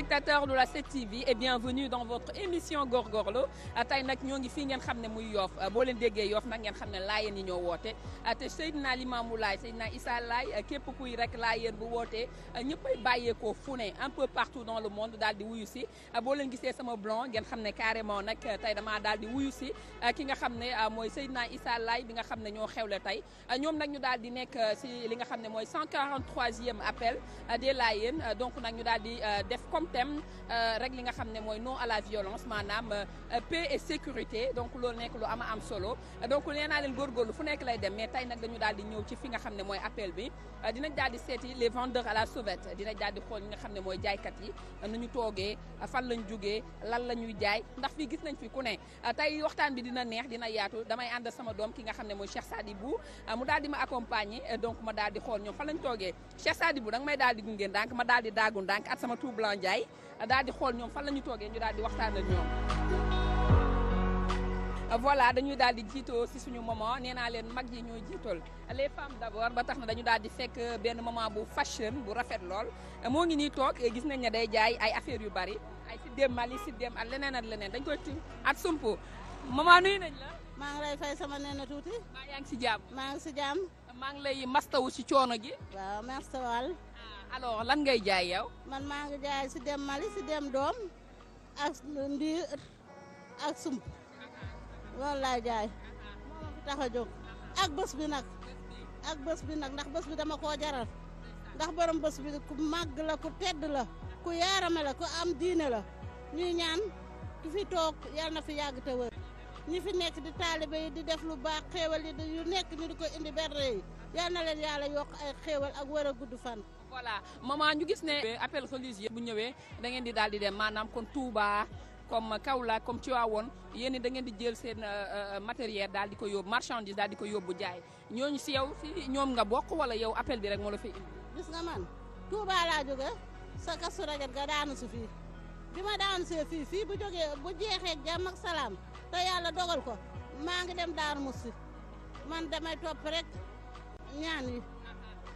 téléspectateurs de la 7TV et bienvenue dans votre émission Goorgoorlu ah, tey nag ñoo ngi fii ngeen xam ne muy yoof ah, boo leen déggee yoof nag ngeen xam ne laayeen yi ñoo woote ah, te Seydina Limaamu Laay Seydina Issa Laay képp kuy rek laayeen bu wootee ñëppay bàyyeekoo fu un peu partout dans le monde daal di wuyu si boo leen gisee sama blanc ngeen xam ne carrément nag tey damaa daal di wuyu si ki nga xam ne mooy Seydina Issa Laay bi nga xam ne ñoo xewle tey ñoom nag ñu daal di nekk si li nga xam ne mooy 143e appel thème euh, rek li nga xam ne mooy non à la violence maanaam euh, euh, paix et sécurité donc loolu nekk lu am am solo donc nee naa leen góorgóorlu fu nekk lay dem mais tey nag dañu daal di ñëw ci fi nga xam ne mooy appel bi dinañ daal di seeti les vendeurs à la sauvette dinañ daal di xool nga xam ne mooy jaaykat yi nu ñu toogee fan lañ jógee lan la ñuy jaay ndax fii gis nañ fi ku ne tey waxtaan bi dina neex dina yaatu damay ànd sama doom ki nga xam ne mooy Cheikh Sadibou mu daal di ma ma daal di xool ñoom fan lañ toogee Cheikh Sadibou danga may daal di gunge ndànk ma daal di daagu ndànk at sama tout blanc tey daal di xool ñoom fan la ñu toogee ñu daal di waxtaan ñoom. voilà dañuy daal di jiitoo ci suñu moment nee naa leen mag yi ñooy jiitool les femmes d'abord ba tax na dañu daal di fekk benn moment bu fashion bu rafet lool moo ngi nii toog gis nañ ne day jaay ay affaires yu bari ay si dem Mali si dem leneen at leneen dañ koy tim at sumpu maman nuyu nañ la. maa ngi lay fay sama neena tuuti. maa yaa ngi si jàmm. maa ngi si jàmm. maa ngi lay mastawu si coono gi. alors lan ngay jaay yow. man maa ngi jaay si dem Mali si dem doom ak ndiir ak sump loolu jaay moo ma fi tax a jóg ak bës bi nag ak bës bi nag ndax bés bi dama koo jaral ndax borom bés bi ku màgg la ku tedd la ku yaarame la ku am diine la ñuy ñaan ku fi toog yal na fi yàgg te wër ñi fi nekk di taalibe yi di def lu baax xéewal yi yu nekk ñu di ko indi berde yi yal na leen yàlla yokk ay xéewal ak wër a gudd fan voilà maman ñu gis ne appel religieux bu ñëwee dangeen di daal di dem maanaam kon Touba comme Kaolack comme Tivaouane yéen da ngeen di jël seen euh, euh, matériel daal di ko yóbbu marchandise daal di ko yóbbu jaay ñooñu si yow si ñoom nga bokk wala yow appel bi rek moo la fi indi. gis nga man Touba laa jóge sa kasu raget ga daanu si fii bi ma daanu see fii fii bu jógee bu jeexee jàmm ak salaam te yàlla dogal ko maa ngi dem Darou Moussi man damay topp rek ñaan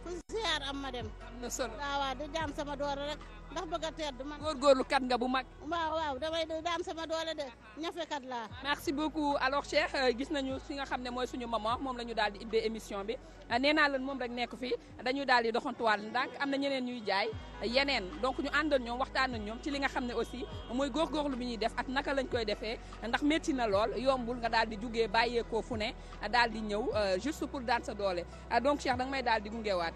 ku ziar am ma dem. am na solo waaw waaw di daan sama doole rek. ndax bëgg a tedd man. góorgóorlu kat nga bu mag. waaw waaw damay daan sama doole de ñafekat laa. merci beaucoup alors Cheikh euh, gis nañu si nga xam ne mooy suñu maman moom la ñu daal di ibbee émission bi euh, nee naa leen moom rek nekk fii dañuy daal di doxantuwaat ndànk am na ñeneen ñuy jaay euh, yeneen donc ñu àndal ñoom waxtaan ak ñoom ci li nga xam ne aussi mooy góorgóorlu bi ñuy def ak naka lañ koy defee ndax métti na lool yombul nga daal di jugee bàyyeekoo fu ne daal di ñëw juste pour daan sa doole donc Cheikh danga may daal di gungewaat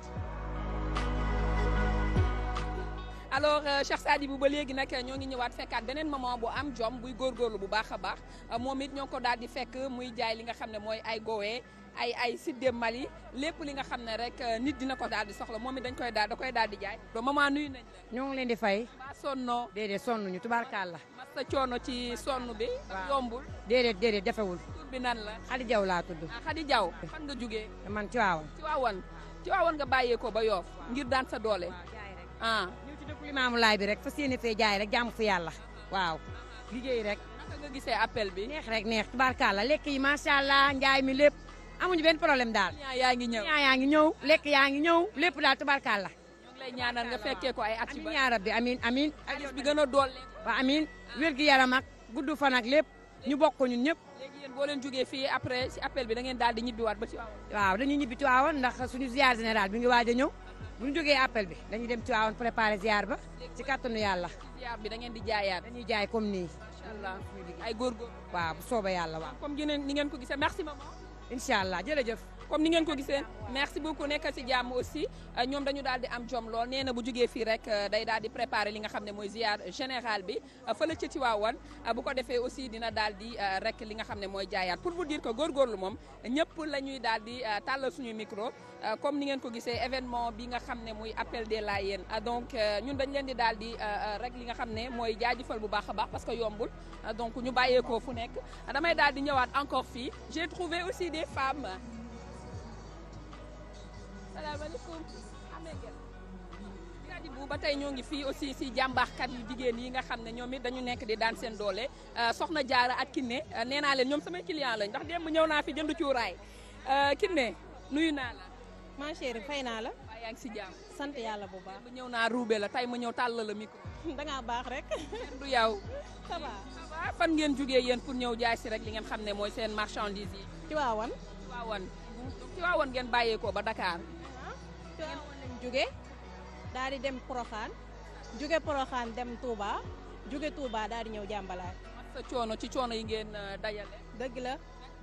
alors euh, Cheikh Sadibou ba léegi nag ñoo ngi ñëwaat fekkaat beneen maman bu am jom buy góorgóorlu bu baax a baax euh, moom it ñoo ko daal di fekk muy jaay li nga xam ne mooy ay gowee ay ay sidde Mali lépp li nga xam ne rek euh, nit dina ko daal di soxla moom it dañ koy daal da koy daal di jaay. maman nuyu nañ la. ñoo ngi leen di fay. maa sonnoo. déedéet sonnuñu tubaarkaal la. masa coono ci sonn bi. yombul. déedéet déedéet defewul. tur bi la. Xadi Jaw laa tudd. a ah, Xadi Jaw fan nga jugee. man Tiwaawan. Tiwaawan Tiwaawan nga bàyyeekoo ba Yoof. ngir daan sa doole. topp limaamu laay bi rek fas yéene fee jaay rek jaamu fi yàlla waaw liggéey rek. gisee appel bi. neex rek neex tubaarkàlla lekk yi macha allah njaay mi lépp amuñu benn problème daal. yaa ngi ñëw yaa ngi ñëw lekk yaa ngi ñëw lépp daal tubaarkàlla. ñu ngi lay ñaanal nga ko ay at yu bari amiin yaa rabbi amiin bi gën a doole. ba amiin wér gi yaram ak gudd fanak ak lépp ñu bokk ko ñun ñëpp. léegi yéen boo leen jógee fii après si appel bi da ngeen daal di ñibbiwaat ba ci waaw dañuy ñibbi Tiwaawan ndax suñu ziar général bi ngi waaj a ñëw bu ñu jógee appel bi dañuy dem ci Tivaouane préparer ziar ba ci kàttanu yàlla. ziar bi da ngeen di jaayaat. dañuy jaay comme nii. incha allah ay góorgóorlu. waaw bu soobee yàlla waaw. comme ni ngeen ko gisee merci maman. incha allah jërëjëf. comme ni ngeen ko gisee merci beaucoup nekk ci jàmm aussi ñoom dañu daal di am jom lool nee na bu jugee fii rek euh, day daal di préparer li nga xam ne mooy ziar général bi euh, fële ca Tiwaawan euh, bu ko defee aussi dina daal di rek li nga xam ne mooy jaayaat pour vous dire que góorgóorlu moom ñëpp la ñuy daal di tàllal suñu micro comme ni ngeen ko gisee événement bi nga xam ne muy appel des Layènes donc ñun dañ leen di daal di rek li nga xam ne mooy jaajëfal bu baax a baax parce que yombul donc ñu bàyyeekoo fu nekk damay daal di ñëwaat encore fii j'ai trouvé aussi des femmes salaamaaleykum Amégel Gadi bu ba tey ñoo ngi fii aussi si jàmbaaxkat yu jigéen yi nga xam ne ñoom it dañu nekk di daan seen doole euh, soxna jaara ak Kiné euh, nee naa leen ñoom samay client lañ ndax démb ñëw naa fi jënd cuuraay euh, Kiné nuyu naa la. ma fay naa la. waaw yaa si jàmm. sant yàlla bu baax. bu ñëw naa ruube la tey ma ñëw tàllal la micro. da ngaa baax rek. du yow. fan ngeen jógee yéen pour ñëw jaay si rek li ngeen xam ne mooy seen marchandise yi. Tiwaawan. Tiwaawan. Tiwaawan ngeen bàyyeekoo ba Dakar. Tiwaawan lañ jóge daal di dem Poroxaan jóge Poroxaan dem Touba jóge Touba daal di ñëw jàmbalaay. sa coono ci coono yi ngeen euh, dajale. dëgg la.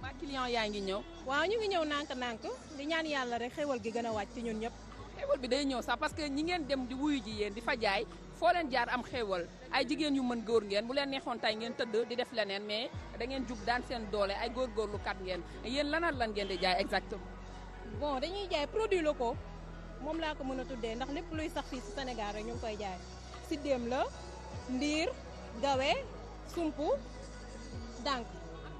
ba client yaa ngi ñëw. waaw ñu ngi ñëw nànk-nànk di ñaan yàlla rek xéwal gi gën a wàcc ci ñun ñëpp. xéwal bi day ñëw sax parce que ñi ngeen dem di wuyu ji yéen di fa jaay foo leen jaar am xéwal ay jigéen yu mën góor ngeen bu leen neexoon tey ngeen tëdd di def leneen mais dangeen ngeen jug daan seen doole ay góorgóorlu kat ngeen yéen lanal lan ngeen di jaay exactement. moom laa ko mën a tuddee ndax lépp luy sax fii si Sénégal rek koy jaay siddéem la ndiir gawe sumpu dànk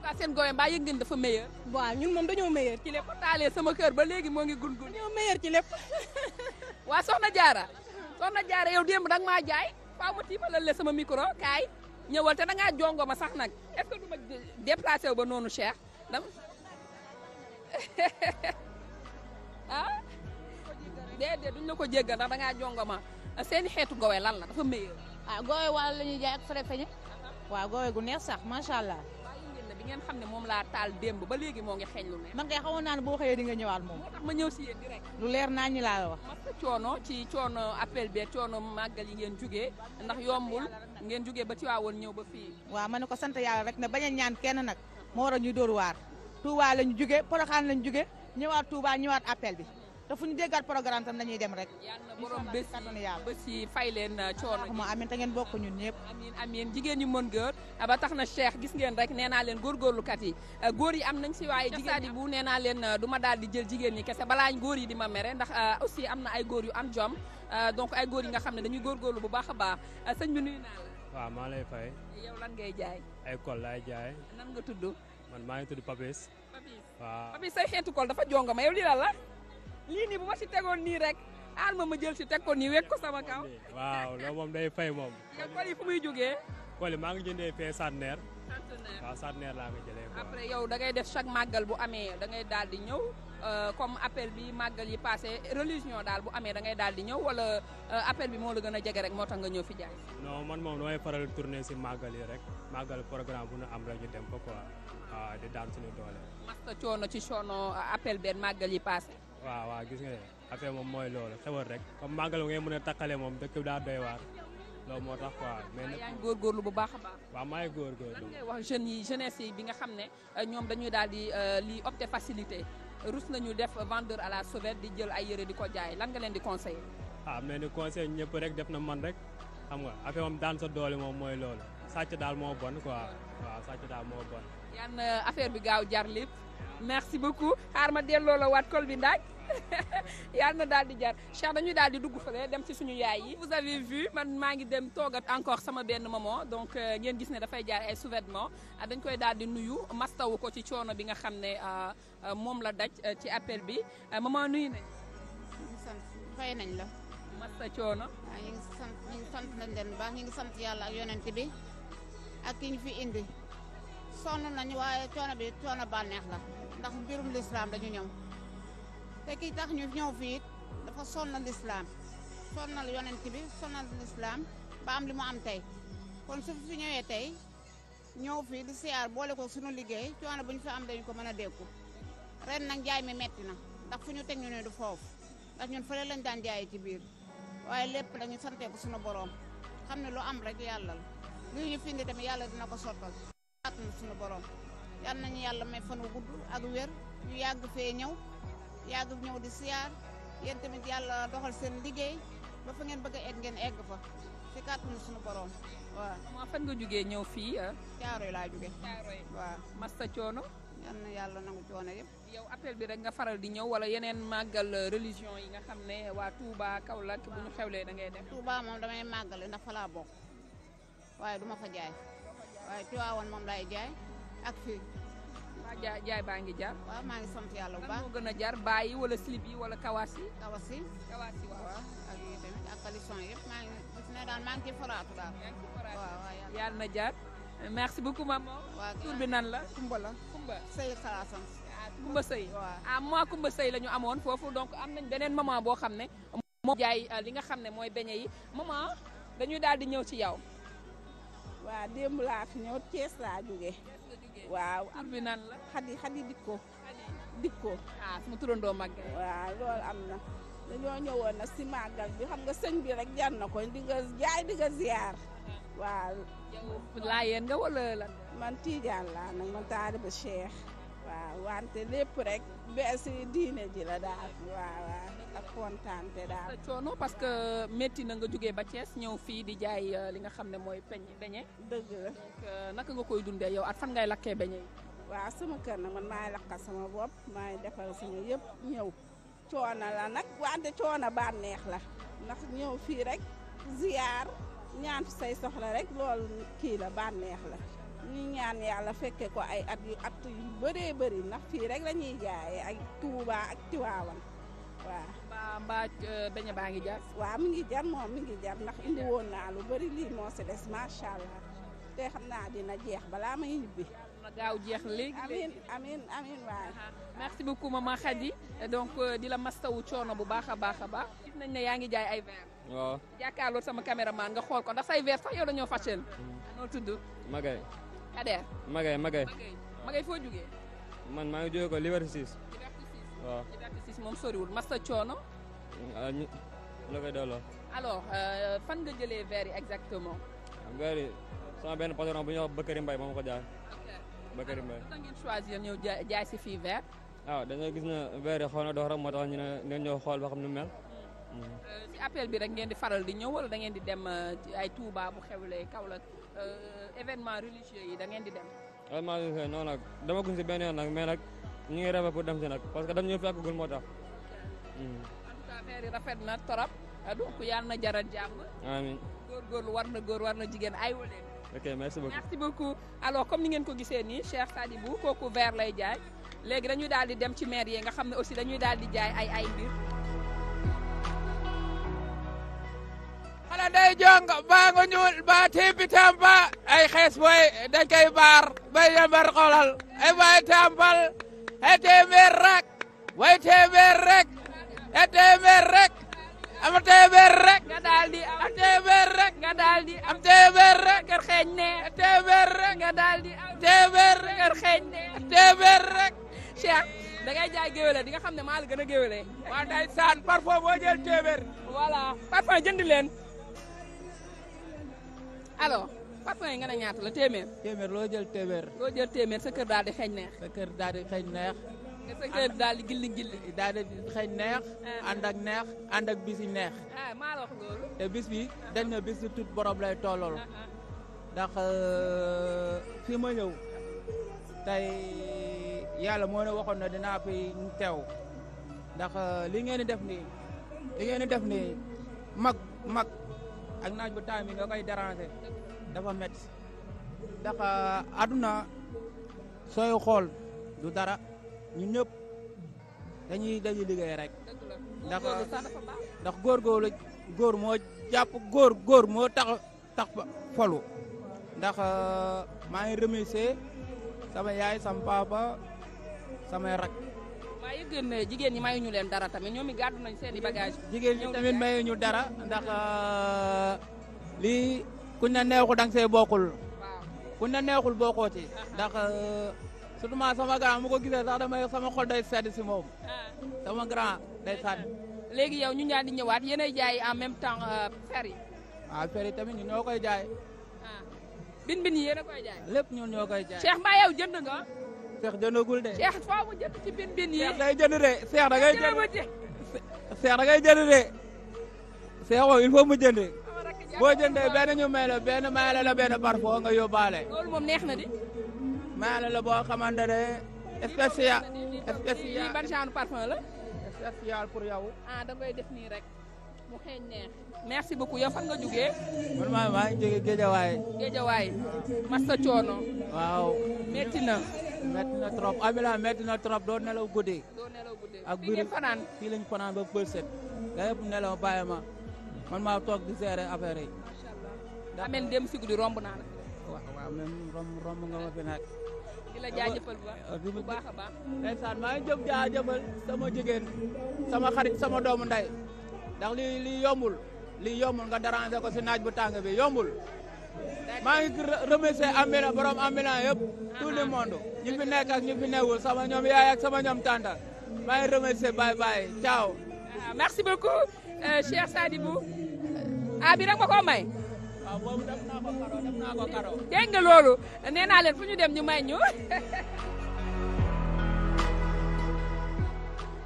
waaw seen yëg ngeen dafa meilleur waaw ñun moom dañoo meilleur ci lépp taalee sama kër ba léegi moo ngi gun dañoo meilleur ci lépp waa soxna jaara soxna jaara yow démb danga maa jaay faaw ma tiibalal la sama micro kaay ñëwal te dangaa jongo ma sax nag est-ce que ba noonu Cheikh dam ah déedéet duñ la ko jéggal ndax da ngaa jongoma seen i xeetu goowe lan la dafa meilleur. ah goowe wàll la ñuy jaay ak frais peñe. Uh-huh. waaw goowe gu neex sax macha allah. bi ngeen xam ne moom laa taal démb ba léegi moo ngi xeeñ lu neex. man kay xamoon naa ne boo xëyee di nga ñëwaat moom. moo ma ñëw si lu leer naa ñi laa la wax. parce que coono ci coono appel bi coono màggal yi ngeen jugee ndax yombul ngeen jugee ba ci waawoon ñëw ba fii. waaw ma ne ko sant yàlla rek na bañ ñaan kenn nag moo war a ñuy dóor waar Touba lañ jugee Porokhane lañ jugee ñëwaat Touba ñëwaat appel bi te fu ñu déggaat programme tam dañuy dem rek. yàlla borom bés yàlla bés yi fay leen uh, coono ji amiin te ngeen bokk ñun ñëpp amiin amiin jigéen ñi mën góor ba tax na Cheikh gis ngeen rek nee naa leen góorgóorlukat yi uh, góor yi am nañ si waaye jigéen yi bu nee naa leen uh, du ma daal di jël jigéen ñi kese balaañ góor yi di ma mere ndax aussi am na ay góor yu am jom donc ay góor yi nga xam ne dañuy góor góorgóorlu bu baax a baax sëñ bi nuyu naa la waaw maa lay fay lan ngay jaay ay kol laay jaay nan nga tudd man maa ngi tudd Papis Papis waaw say xeetu kol dafa jonga ma yow lii la la lii nii bu ma si tegoon nii rek aal ma ma jël si teg ko nii wekk ko sama kaw. waaw loolu moom day fay moom. yow kol yi muy jógee. kol yi maa ngi jëndee fee Satner. Satner waaw Satner laa ko jëlee. yow da ngay def chaque màggal bu amee da ngay daal di ñëw euh, comme appel bi màggal yi passé religion daal bu amee da ngay daal di ñëw wala euh, appel bi moo la gën a jege rek moo tax nga ñëw fi jaay. non man moom damay faral tourner si màggal rek màggal programme bu nu am la ñu dem ko quoi di daan suñu doole. Euh, appel màggal yi passé. waaw waaw gis nga ne affaire moom mooy loolu xewal rek comme màggal ngay mën a takkale moom dëkk bi daa doy waar loolu moo tax quoi. mais nag yaa ngi góorgóorlu bu baax a baax. waaw maa ngi góorgóorlu. lan ngay wax jeunes yi jeunesse yi bi nga xam ne euh, ñoom dañuy daal di euh, li opté facilité rus nañu def vendeur à la sauvette di jël ay yëre di ko jaay lan nga leen di conseillé. ah mais ni conseil ñëpp rek def na man rek xam nga affaire moom daan sa doole moom mooy loolu sàcc daal moo bon quoi waaw sàcc daal moo bon. yan euh, yàlla na daal di jar Cheikh dañuy daal di dugg fa fële dem si suñu yaay yi. vous avez vu man maa ngi dem toogat encore sama benn maman donc euh, ngeen gis ne dafay jaar ay sous-vêtements ah, dañ koy daal di nuyu mastawu ko ci coono bi nga xam ne euh, euh, moom la daj ci appel bi maman nuyu nañ. nañ la. masta coono. waaw ah, ñu ngi sant ñu ngi ñu ngi sant yàlla ak yonent bi ak ki ñu fi indi sonn nañu waaye coono bi coono bànneex la ndax mbirum lislaam dañu ñëw. te kii tax ñu ñëw fii dafa sonnal lislaam sonnal yonent bi sonnal lislaam ba am li mu am tey kon su fi ñëwee tey ñëw fii di siyaar boole ko suñu liggéey coono bu ñu fi am dañu ko mën a dékku ren nag jaay mi metti na ndax fu ñu teg ñu ne du foofu ndax ñun fële lañ daan jaay ci biir waaye lépp la santeeku santee ko boroom xam ne lu am rek yàlla la lii ñu fi indi tamit yàlla dina ko sottal at na suñu boroom yal nañu yàlla may fan wu gudd ak wér ñu yàgg fee ñëw yàgg ñëw di siyaar yéen tamit yàlla doxal seen liggéey ba fa ngeen bëgg a egg ngeen egg fa si kàttanu suñu borom waaw. moo fan nga jugee ñëw fii. Caaroy ah? laa jugee. Caaroy waaw Massa coono. yal na yàlla nangu coono yëpp. yow appel bi rek nga faral di ñëw wala yeneen màggal euh, religion yi nga xam ne waa Touba Kaolack bu ñu xewlee da ngay def. Touba moom damay màggale ndax fa laa bokk waaye du fa jaay waaye Tiwaawan moom laay jaay ak fii. waa jaay baa ngi jar. waaw maa yàlla bu gën jar bàyyi wala slip yi wala kawaas yi. kawaas yi kawaas yi waaw. ak yii tamit ak caleçon yëpp na jar. merci beaucoup maman. waaw tur bi nan la Kumba la. Kumba Seye Xalaasam. ah Kumba Seye. waaw ah, amoon foofu donc am nañ beneen maman boo xam ne. moom jaay euh, li nga xam ne mooy beñe yi maman dañuy daal di ñëw ci yow. waa démb laa fi ñëw Thiès laa jógee. waaw tur bi la. xadi xadi dikko. dikko. ah su ma turandoo màgg. waaw loolu am na. dañoo ñëwoon nag si màggal bi xam nga sëñ bi rek jar na ko di nga jaay di nga ziar. Ah. waaw. laayeen nga wala man Tiijaan laa nag man taaliba Cheikh. waaw wante lépp rek bees diine ji la daal waaw waaw ak kontaante daal. coono parce que métti na nga jógee ba Thiès ñëw fii di jaay euh, li nga xam ne mooy peñ beñe. dëgg euh, naka nga koy dundee yow at fan ngay lakkee beñe yi. waaw sama kër na man maay lakka sama bopp maay defar sama yëpp ñëw coono la nag wante coono bànneex la ndax ñëw fii rek ziyaar ñaan fi say soxla rek loolu kii la bànneex la. dañuy ñaan la fekke ko ay at yu at yu bëree bëri ndax fii rek lañuy ñuy ay ak ak Tiwaawan waaw. mbaa mbaa euh, beñe baa ngi jar. waa mi ngi jar moom mi ngi jar ndax indi woon naa lu bëri lii moo si des macha allah te xam naa dina jeex balaa may ñibbi. na gaaw jeex léegi amiin amiin amiin waay. merci beaucoup maman Khady donc euh, di la mastawu coono bu baax a baax a baax. gis nañ ne yaa ngi jaay ay verre. waaw jàkkaarloo sama caméraman nga xool ko ndax say verre sax yow dañoo fàcceel. Mm. noo Kader. Magay Magay. Magay foo jugee. man maa ngi jógee ko Liberté 6. Liberté 6 waaw soriwul Massa Coono. ah ñu la koy delloo. alors euh, jëlee verre yi exactement. Ah, verre yi sama benn patron bu ñuy wax Bakary Mbaye ko jaay. ñëw jaay si fii verre. waaw dañoo na verre yi xaw na dox ñu ne xool ba xam nu hmm. euh, bi rek ngeen di faral di ñëw wala da di dem euh, ay Touba bu xewlee Euh, événement religieux yi da ngeen di dem. événement religieux non nag dama guñ si benn yoon nag mais nag ñu ngi rafet pour dem si nag parce que dam ñu fekk gul moo tax. Hmm. en tout cas affaire yi rafet na torop ah, donc yàlla na jaral jàmm. amiin war na góor war na jigéen aywa leen. ok merci beaucoup merci beaucoup comme ni ngeen ko gisee nii Cheikh Sadibou kooku verre lay jaay léegi dañuy daal di dem ci maire yi nga xam ne aussi dañuy daal di jaay ay ay wala day jong baa nga ñuul baa tiipi Tamba ay xees booy dañ koy baar bay yambar xolal ay baay tàmbal ay téeméer rek way téeméer rek ay téeméer rek am téeméer rek nga daal di am téeméer rek nga daal di am téeméer rek kër xeeñ ne téeméer rek nga daal di am téeméer rek kër xeeñ ne téeméer rek Cheikh da ngay jaay géwéle di nga xam ne maa la gën a géwéle waa day saan parfois boo jël téeméer voilà parfois jënd leen alo parfum yi nga ne ñaata téeméer. téeméer loo jël téeméer. loo jël téeméer sa kër daal di xeeñ neex. sa kër daal di xeeñ neex. daal di xeeñ neex. Ah. ànd ak neex ànd ak bis neex. ah bi dañ na bis bi tout borom lay tollool. Ah, ah. ndax euh, fi ma ñëw tey yàlla moo ne waxoon na dinaa fi teew ndax euh, li ngeen di def nii def nii mag mag. ak naaj bu taam bi nga koy déranger dafa métti ndax aduna euh, sooy xool du dara ñun ñëpp dañuy dañuy liggéey rek ndax ndax góorgóorlu góor moo jàpp góor góor moo tax tax folu ndax euh, maa ngi remercier sama yaay sama papa samay rak waaye gën jigéen ñi mayuñu leen dara tamit ñoom it gàddu nañ seen i bagage jigéen ñi tamit mayuñu dara ndax euh, lii kuñ na neexu dang see bokkul kuñ na neexul bokkoo ci ndax euh, surtout sama grand mu ko gisee sax day sedd si moom ah. sama day sedd léegi yow ñu ñaa di ñëwaat yéenay jaay en même temps euh, fer yi waaw ah, fer yi ñu ñoo koy jaay ah. bin bin yi jaay lépp ñoo Seex jëndagul de. Seex faa mu jënd ci bin bin yi. Seex day jënd de Seex da ngay jënd Seex da ngay jënd de. Seex woo il faut mu jënd. boo jëndee benn ñu may la benn mayaale la benn parfum nga yóbbaale. loolu moom neex na di. mayaale la boo xamante ne spécial. spécial lii ban genre parfum la. spécial pour yow. ah da ngay def nii rek. mu xeeñ neex. merci beaucoup yow fan nga jógee. man maa maa ngi jógee Géejawaay. Massa coono. waaw. métti na. métti na trop Amila doo nelaw guddee. doo nelaw guddee ak lañ fanaan ba përset. nga yëpp nelaw bàyyi ma man maa toog di gérer affaire yi. macha dem si romb naa la. waaw romb romb nga ma fi nag. di la jaajëfal bu baax maa ngi jëm jaajëfal sama jigéen sama xarit sama doomu ndax lii lii yombul lii yombul nga déranger ko si naaj bu tàng bi yombul. maa ngi remercier ambulant borom ambulant yëpp tout le monde ñi fi nekk ak sama ñoom yaay sama ñoom tànta maa ngi remercier baay baay ciao. Ah, merci beaucoup euh, Cheikh Sadibou euh, a bi rek ah, nga loolu nee naa leen fu ñu dem ñu may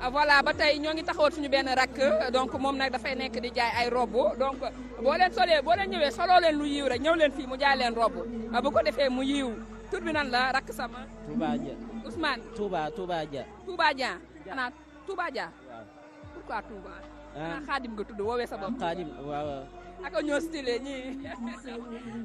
Ah, voilà ba tey ñoo ngi taxawal suñu benn rakk donc moom nag dafay nekk di jaay ay rob donc boo leen solee boo leen ñëwee lu yiw rek ñëw leen fii mu jaay leen rob robb ah, bu ko defee mu yiw tur bi nan la rakk sama. Touba Dia. Ousmane. Touba Touba Dia. Touba Dia. xanaa Touba ah. xaadim nga tudd woowee sa bopp. xaadim waaw waaw. ak ñoo stylé ñii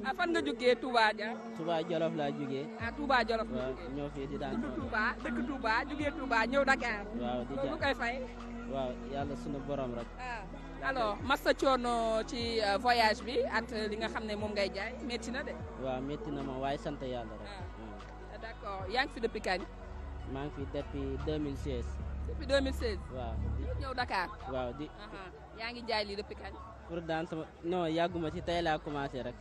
ah fan nga jógee Touba Dia. Touba Jolof laa jógee. ah Touba Jolof laa jógee waaw ñoo fii di daan. dëkk Touba dëkk Touba jógee Touba ñëw Dakar. waaw di jàpp sunu borom rek. Ah, alors masa coono ci euh, voyage bi ak euh, li nga xam ne moom ngay jaay métti na de. waaw métti na ma waaye sant yàlla rek. Ah. Ah, d'accord yaa ngi fi depuis kañ. maa ngi fi depuis 2016. depuis 2016. waaw di ñëw Dakar. waaw di. yaa ngi jaay li depuis kañ. pour daan sama non yàgguma ci tey laa commencé rek.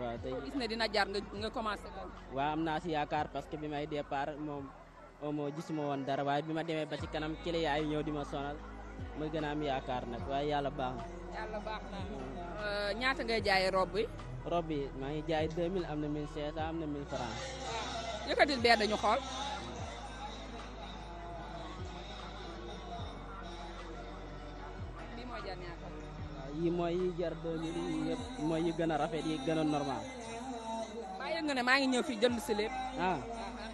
waaw tey gis dina jaar nga commencé loolu. am naa si yaakaar parce que bi may départ moom moo gisuma woon dara waaye bi ma demee ba ci kanam client yi ñëw di ma sonal ma gën a am yaakaar nag waaye yàlla baax baax na mm. euh, ñaata nga jaayee robe bi. robe maa ngi jaay 2000 am na 1500 am na 1000 francs. yëkkatil bee dañu xool. yi mooy yi jar deux mille yi mooy yi gën a rafet yi gën a normal. maa yëg nga ne maa ngi ñëw fii jënd si lépp. ah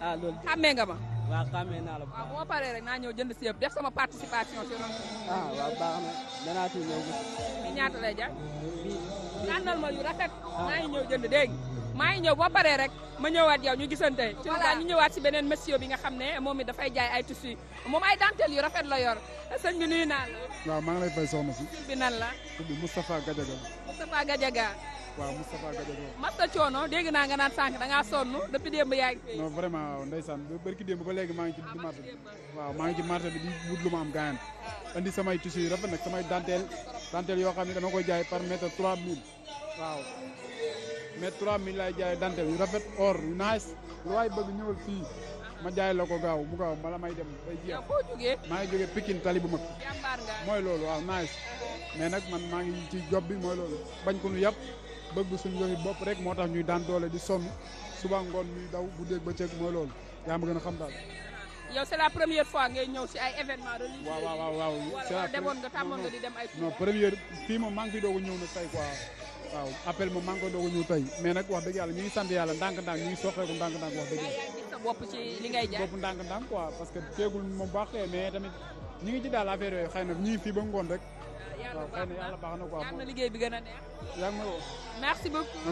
ah loolu. nga ma. waaw xàmmee naa la bu ah, baax waaw naa ñëw jënd si yëpp def sama participation si ron. ah waaw baax na danaa fi ñëw. bi ñaata lay jar. bi ma yu rafet. Ah. maa ngi ñëw jënd dégg maa ngi ñëw boo paree rek ma ñëwaat yow ñu gisante ci la ñu ñëwaat si beneen monsieur bi nga xam ne moom it dafay jaay ay tissu moom ay dentelle yu rafet la yor sëñ bi nuyu naa waaw maa ngi lay fay soxna si bi nan la bi Moustapha Gadiaga Moustapha Gadiaga waaw Moustapha Gadiaga Masta Coono dégg naa nga naan sànq da ngaa sonn depuis démb yaa ngi non vraiment waaw ndeysaan barki démb ba léegi maa ngi ci ah, marché bi waaw maa ngi ci marché bi di wut am gaayan ah. andi samay tissu yu rafet nag samay dentelle dentelle yoo xam ne dama koy jaay par mètre 3000 waaw mais 3000 laay jaay danteel yu rafet or yu naaj lu waay bëgg ñëwal fii ma jaay la ko gaaw mu gaaw bala may dem bay jeex. maa ngi jógee Pikine tali bu mag. mooy loolu waaw naaj. mais nag man maa ngi ci job bi mooy loolu bañ ko nu bëgg suñu yëngu bopp rek moo tax ñuy daan doole di sonn suba ngoon ñuy daw bu dégg ba ceeb mooy loolu yaa ma gën a xam daal. yow c'est la première fois ngay ñëw si ay événement religieux. waaw waaw waaw c'est la demoon nga tàmmoon nga di dem ay. fii moom maa ngi fi doog a ñëw nag tey quoi. waaw appel moom maa ngi koy doog a ñëw mais nag wax dëgg yàlla ñu ngi sant yàlla ndànk-ndànk ñu ngi soxeeku ndànk-ndànk wax dëgg yàlla bopp ci li ngay jaay bopp ndànk-ndànk quoi parce que teegul moom baaxee mais tamit ñu ngi ci daal affaire yooyu xëy na ñu ngi fii ba ngoon rek ah, waaw xëy na yàlla baax na quoi yàlla na liggéey bi gën a neex yaa ngi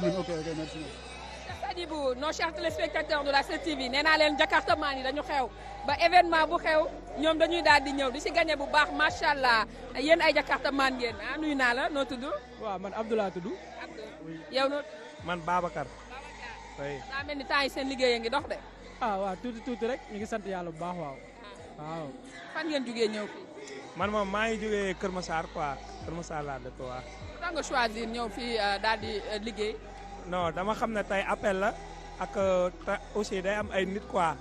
may woo merci Sadibou nos chers téléspectateurs de la 7TV nee naa leen Jakarta maan yi dañu xew ba événement bu xew ñoom dañuy daal di ñëw di si gagné bu baax macha allah yéen ay Jakarta maan ngeen ah nuyu naa la noo tudd. waaw man Abdoulaye tudd. Abdoulaye yow noo man Babacar. Babacar daa mel ni temps yi seen liggéey a ngi dox de. ah waaw tuuti tuuti rek ñu ngi sant yàlla bu baax waaw. Ah. waaw fan ngeen ñëw fii. man maa ngi jugee Kër Massar quoi Kër Massar laa dëkk waaw. nga choisir ñëw fi euh, daal di euh, liggéey. non dama xam ne tey appel la ak euh, te aussi day am ay nit quoi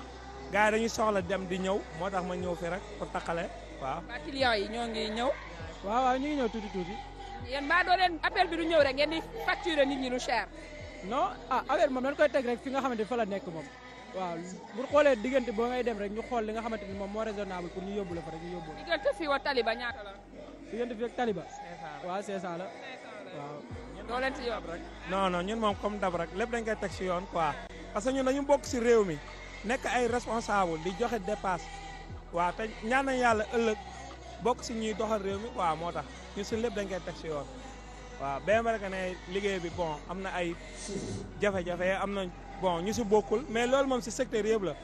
gars yi dañuy soxla jam di ñëw moo tax ma ñëw fi rek pour taxale waaw. waa clients yi ñoo ngi ñëw. waaw waaw ñu ngi ñëw tuuti tuuti. yéen maa doo leen appel bi du ñëw rek ngeen di facturer nit ñi lu cher. a ah affaire moom dañ koy teg rek fi nga xamante fa la nekk moom. waaw bu xoolee diggante boo ngay dem rek ñu xool li nga xamante ni moom moo raisonnable pour ñu yóbbu la fa rek ñu yóbbu la. diggante fii wa Taliba ñaata la. diggante fii la doo leen ci yóbbu rek. non non ñun moom comme dab lépp dañ koy teg si yoon quoi parce que ñun dañu bokk si réew mi nekk ay responsable di joxe dépasse waa te ñaan nañ yàlla ëllëg bokk si ñuy doxa réew mi quoi moo tax ñun si lépp dañ koy teg si yoon. waaw bien vrai que ne liggéey bi bon am na ay jafe-jafe am na bon ñu si bokkul mais loolu moom si secteur yëpp la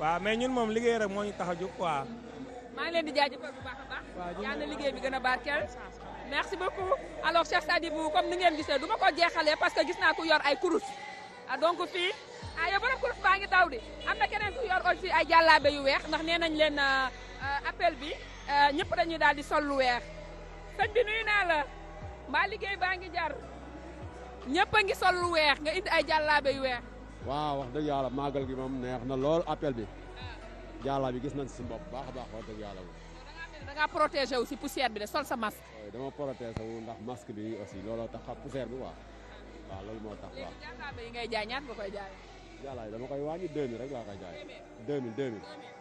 waaw mais ñun moom liggéey rek moo ñu tax a jóg quoi. maa ngi leen di jaajëfal bu baax baax. waaw yal na gën a barkeel merci beaucoup alors Cheikh Sadibou comme ni ngeen gisee du ko jeexalee parce que gis naa ku yor ay kurus ah, donc fii ah yow borom kurus baa ngi daw di am na keneen ku yor aussi ay jàllaabe yu weex ndax nee nañ leen ah, ah, appel bi ñëpp dañuy daal di sol lu weex sëñ bi nuyu naa la mbaa liggéey baa ngi jar ñëpp a ngi sol lu weex nga indi ay jàllaabe yu weex. waaw wax dëgg yàlla màggal gi moom neex na lool appel bi jàllaa bi gis nañ si bopp baax baax wax dëgg yàlla dangaa protégé wu si poussière bi de sol sa masque. dama protégé wu ndax masque bi aussi looloo tax poussière bi waaw waaw loolu moo tax waaw. léegi jaakaar yi ngay jaay ñaata nga koy jaay. dama koy wàññi 2000 rek laa koy jaay. 2000 2000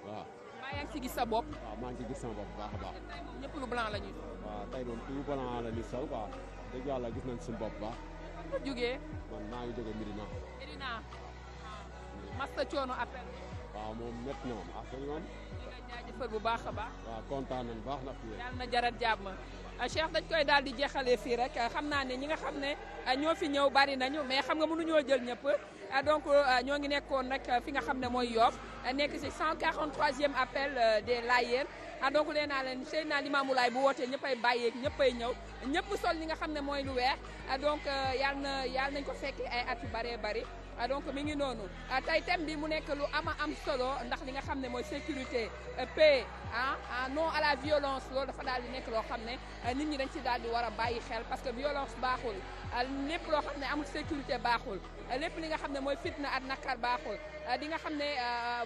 waaw. maa yaa ngi si gis sa bopp. maa ngi si gis sama bu baax a baax. ñëpp la ñuy sol. waaw tey moom la ñuy sol quoi dëgg yàlla gis nañ suñu bopp baax. bu jógee. man maa ngi jógee Médina. Médina. Ah. Masta coono appel. waaw moom métti na moom affaire yi moom. ñu bu baax a baax. waaw kontaan nañu baax na. yàlla na jarat jàmm ah, Cheikh dañ koy daal di jeexalee fii rek ah, xam naa ne ñi nga xam ne ah, ñoo fi ñëw bari nañu mais xam nga mënuñoo jël ñëpp donc ñoo ngi nekkoon nag fi nga xam ne mooy Yoff nekk si ci 143e appel des Layènes donc nee naa leen naa Limamou Laye bu wootee ñëppay bàyyeeg ñëppay ñëw ñëpp sol li nga xam ne mooy lu weex a donc yàlla na yàlla nañ ko fekk ay at yu bari. Ah, donc mi ngi noonu ah, tey thème bi mu nekk lu ama am solo ndax li nga xam ne mooy sécurité euh, paix an ah, non à la violence loolu dafa daal di nekk loo xam ne euh, nit ñi dañ ci daal di war a bàyyi xel parce que violence baaxul lépp loo xam ne amul sécurité baaxul lépp li nga xam ne mooy fitna at nakar baaxul di nga xam ne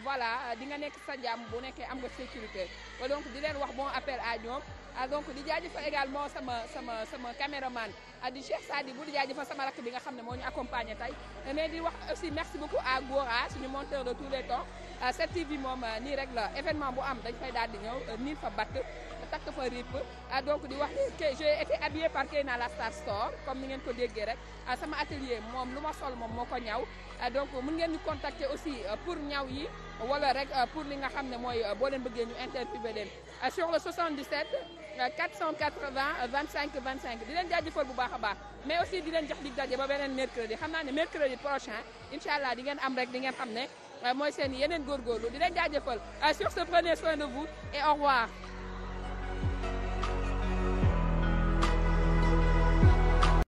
voilà di nga nekk sa jàmm bu nekkee am nga sécurité donc di leen wax bon appel à ñoom ah donc di jaajëfal également sama sama sama caméraman di Cheikh bu di jaajëfal sama rakk bi nga xam ne moo ñu accompagné tey mais di wax aussi merci beaucoup à Gora suñu monteur de tu les temps ah, 7TV moom ah, nii rek la événement bu am dañ fay daal di a euh, nii fa batt takk fa rip ah, donc di wax que j'ai été habillée par Keyna la Star Store comme ni ngeen ko déggee rek ah, sama atelier moom lu ma sol moom moo ko ñaw ah, donc mun ngeen ñu contacter aussi euh, pour ñaw yi wala rek euh, pour li nga xam ne mooy euh, boo leen bëggee ñu interviewer leen sur le 77 480 25 25 di leen jaajëfal bu baax a baax mais aussi di leen jox dig daje ba beneen mercredi xam naa ne mercredi prochain incha allah di ngeen am rek di ngeen xam ne mooy seen yeneen góorgóorlu di leen jaajëfal sur ce prenez soin